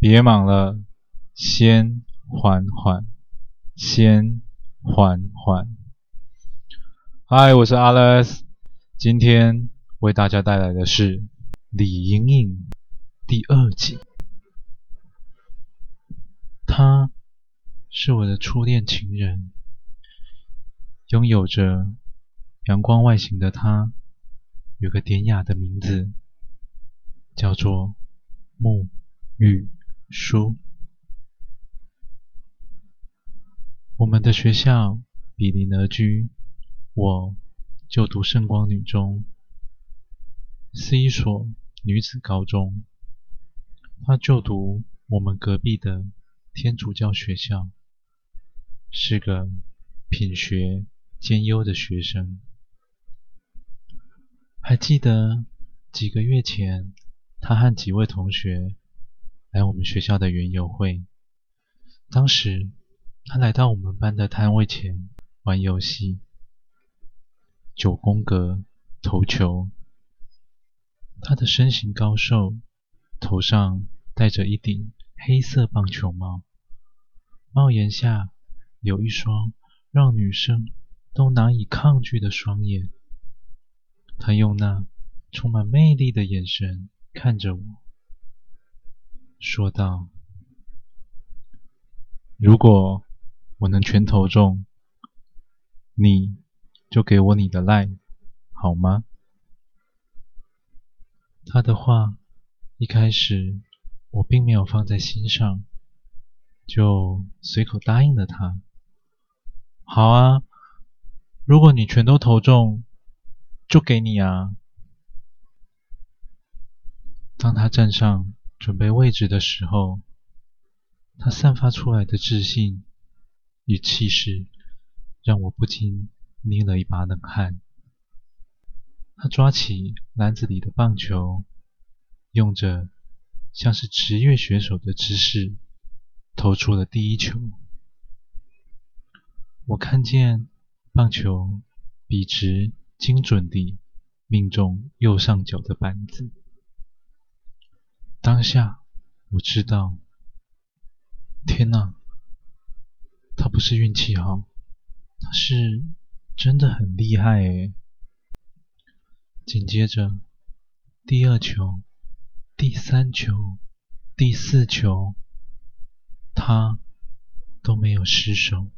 別忙了，先緩緩，先緩緩。嗨，我是 Alice。今天為大家帶來的是李瑩瑩《李瑩瑩》第二集。他是我的初戀情人，擁有着陽光外形的他，有個典雅的名字，叫做沐玉書我們的學校比鄰而居，我就讀聖光女中，是一所女子高中。他就讀我們隔壁的天主教學校，是個品學兼優的學生。還記得幾個月前，他和幾位同學，來我們學校的園遊會，當時他來到我們班的攤位前玩遊戲，九宮格、投球。他的身形高瘦，頭上戴着一頂黑色棒球帽，帽檐下有一雙讓女生都難以抗拒的雙眼。他用那充滿魅力的眼神看着我。說道：“如果我能全投中，你就給我你的 Line，好嗎？”他的話一開始我並沒有放在心上，就隨口答應了他：“好啊，如果你全都投中，就給你啊。”當他站上準備位置的時候，他散發出來的自信與氣勢，讓我不禁捏了一把冷汗。他抓起籃子裡的棒球，用着像是職業選手的姿勢，投出了第一球。我看見棒球筆直、精準地命中右上角的板子。當下，我知道，天哪，他不是運氣好，他是真的很厲害誒。緊接着，第二球、第三球、第四球，他都沒有失手。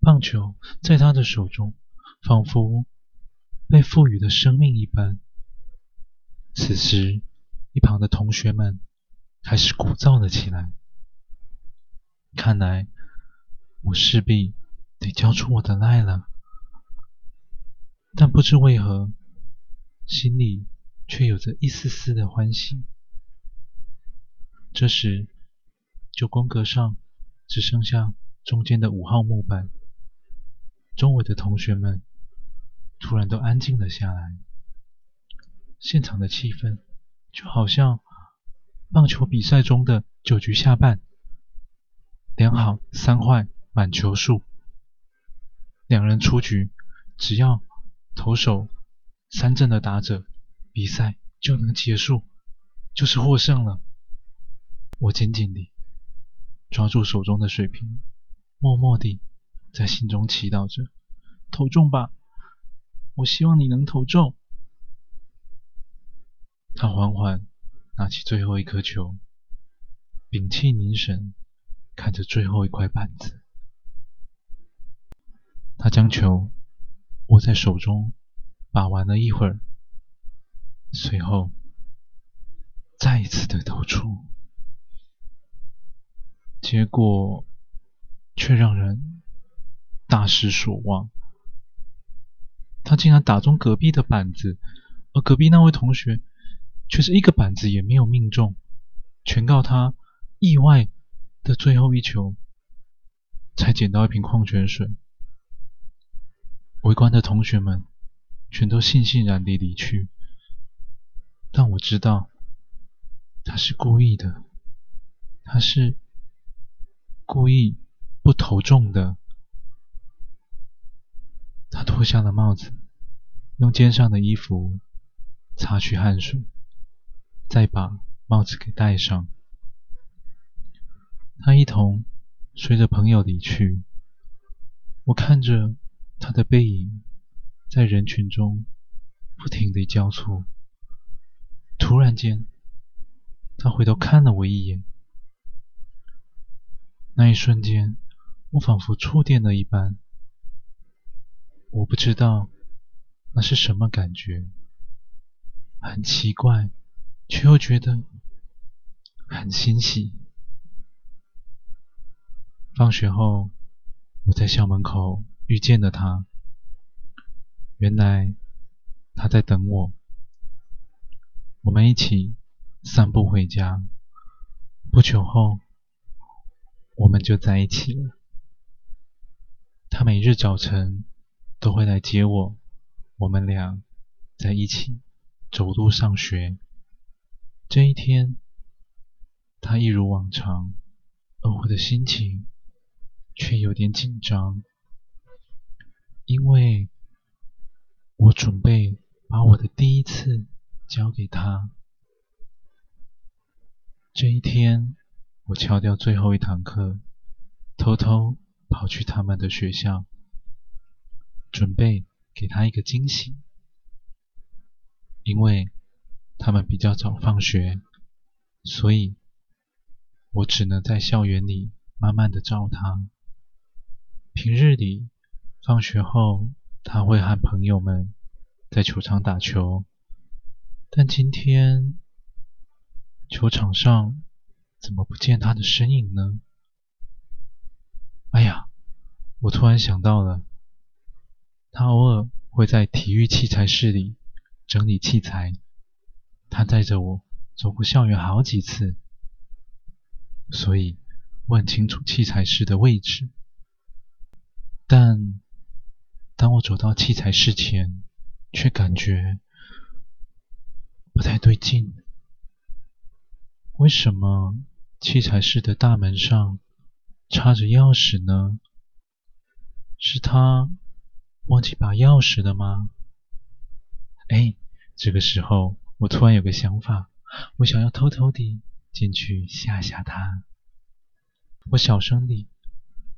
棒球在他的手中，仿佛被賦予了生命一般。此時。一旁的同學們開始鼓噪了起來。看來我勢必得交出我的 Line 了。但不知為何，心裡却有着一絲絲的歡喜。這時，九宮格上只剩下中間的五號木板。周圍的同學們突然都安靜了下來，現場的氣氛。就好像棒球比賽中的九局下半，兩好三壞滿球數，兩人出局，只要投手三振的打者，比賽就能結束，就是獲勝了。我緊緊地抓住手中的水瓶，默默地在心中祈禱着：投中吧！我希望你能投中。他緩緩拿起最後一顆球，屏氣凝神，看着最後一塊板子。他將球握在手中把玩了一會兒，隨後再一次的投出，結果卻讓人大失所望。他竟然打中隔壁的板子，而隔壁那位同學，卻是一個板子也沒有命中，全靠他意外的最後一球才撿到一瓶礦泉水。圍觀的同學們全都悻悻然地離去，但我知道他是故意的，他是故意不投中的。他脫下了帽子，用肩上的衣服擦去汗水。再把帽子給戴上。他一同隨着朋友離去。我看着他的背影，在人群中不停地交錯。突然間，他回頭看了我一眼。那一瞬間，我仿佛觸電了一般。我不知道那是什麼感覺，很奇怪。卻又覺得很欣喜。放學後，我在校門口遇見了他。原來他在等我。我們一起散步回家。不久後，我們就在一起了。他每日早晨都會來接我。我們倆在一起走路上學。這一天，他一如往常，而我的心情卻有點緊張，因為我準備把我的第一次交給他。這一天，我翹掉最後一堂課，偷偷跑去他們的學校，準備給他一個驚喜，因為，他們比較早放學，所以我只能在校園裡慢慢地找他。平日裡，放學後他會和朋友們在球場打球，但今天球場上怎麼不見他的身影呢？哎呀，我突然想到了，他偶爾會在體育器材室裡整理器材。他帶着我走過校園好幾次，所以我很清楚器材室的位置。但當我走到器材室前，卻感覺不太對勁。為什麼器材室的大門上插着鑰匙呢？是他忘記拔鑰匙了嗎？哎，這個時候。我突然有個想法，我想要偷偷地進去嚇嚇他。我小聲地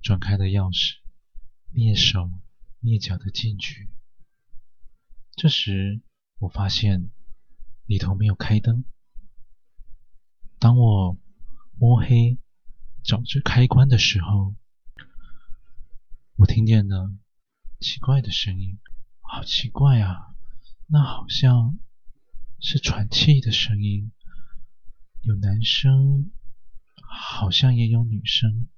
轉開了鑰匙，躡手躡腳地進去。這時我發現裡頭沒有開燈。當我摸黑找着開關的時候，我聽見了奇怪的聲音，好奇怪啊！那好像……是喘氣的聲音，有男生，好像也有女生。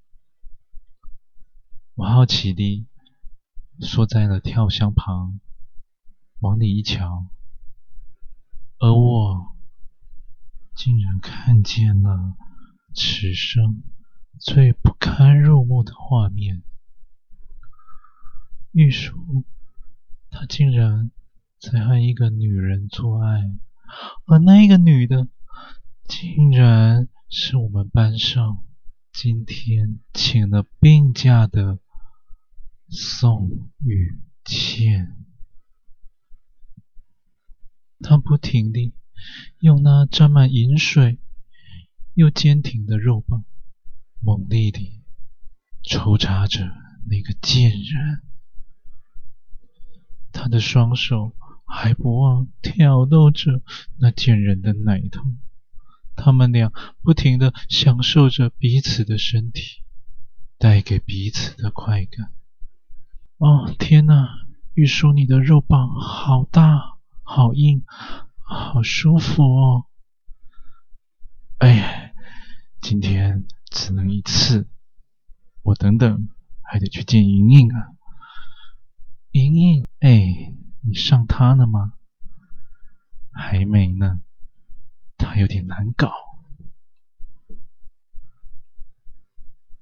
我好奇地縮在了跳箱旁，往裡一瞧，而我竟然看見了此生最不堪入目的畫面：玉舒，他竟然在和一個女人做愛。而那個女的，竟然是我們班上今天請了病假的宋語茜。他不停地用那沾滿淫水又堅挺的肉棒，猛力地抽插着那個賤人。他的雙手。還不忘挑逗着那賤人的奶頭，他們倆不停地享受着彼此的身體，帶給彼此的快感。哦，天哪、啊，玉舒你的肉棒好大，好硬，好舒服哦。哎，今天只能一次，我等等還得去見瑩瑩啊，瑩瑩，哎。你上她了嗎？還沒呢，她有點難搞，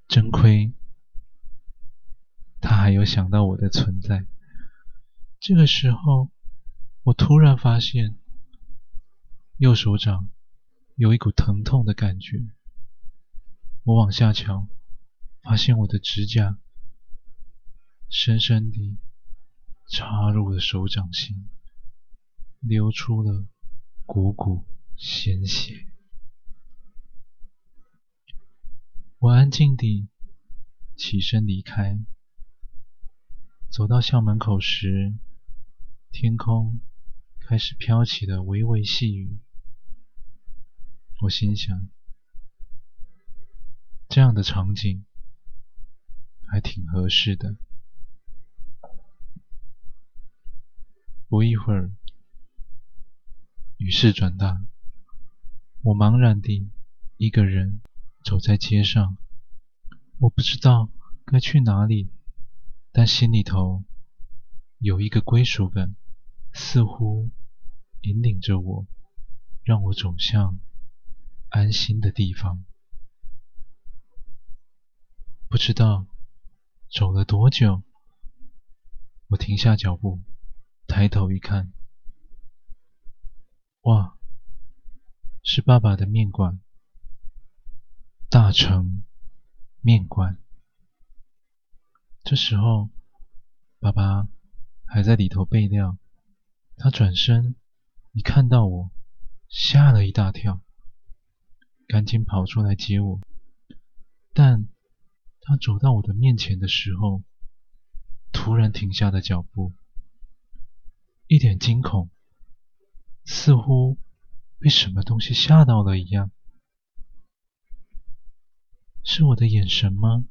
真虧他還有想到我的存在。這個時候，我突然發現右手掌有一股疼痛的感覺，我往下瞧，發現我的指甲深深的。插入了我的手掌心，流出了汩汩鮮血。我安靜地起身離開。走到校門口時，天空開始飄起了微微細雨。我心想，這樣的場景還挺合適的。不一會兒，雨勢轉大，我茫然地一個人走在街上，我不知道該去哪裡，但心裡頭有一個歸屬感，似乎引領着我，讓我走向安心的地方。不知道走了多久，我停下腳步。抬頭一看，哇，是爸爸的麵館——大成麵館。這時候，爸爸還在裡頭備料。他轉身一看到我，嚇了一大跳，趕緊跑出來接我。但他走到我的面前的時候，突然停下了腳步。一點驚恐，似乎被什麼東西嚇到了一樣。是我的眼神嗎？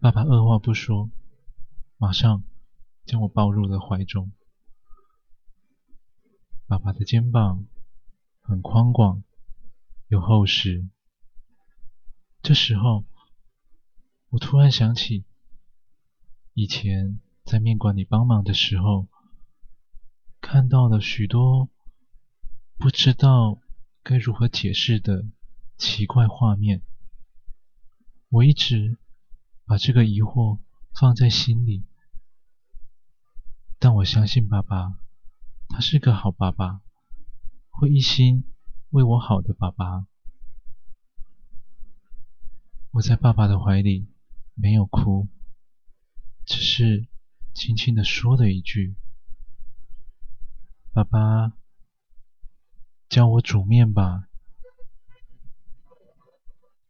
爸爸二話不說，馬上將我抱入了懷中。爸爸的肩膀很寬廣，又厚實。這時候，我突然想起以前。在麵館裡幫忙的時候，看到了許多不知道該如何解釋的奇怪畫面。我一直把這個疑惑放在心裡，但我相信爸爸，他是個好爸爸，會一心為我好的爸爸。我在爸爸的懷裡沒有哭，只是。輕輕地說了一句：“爸爸，教我煮麵吧。”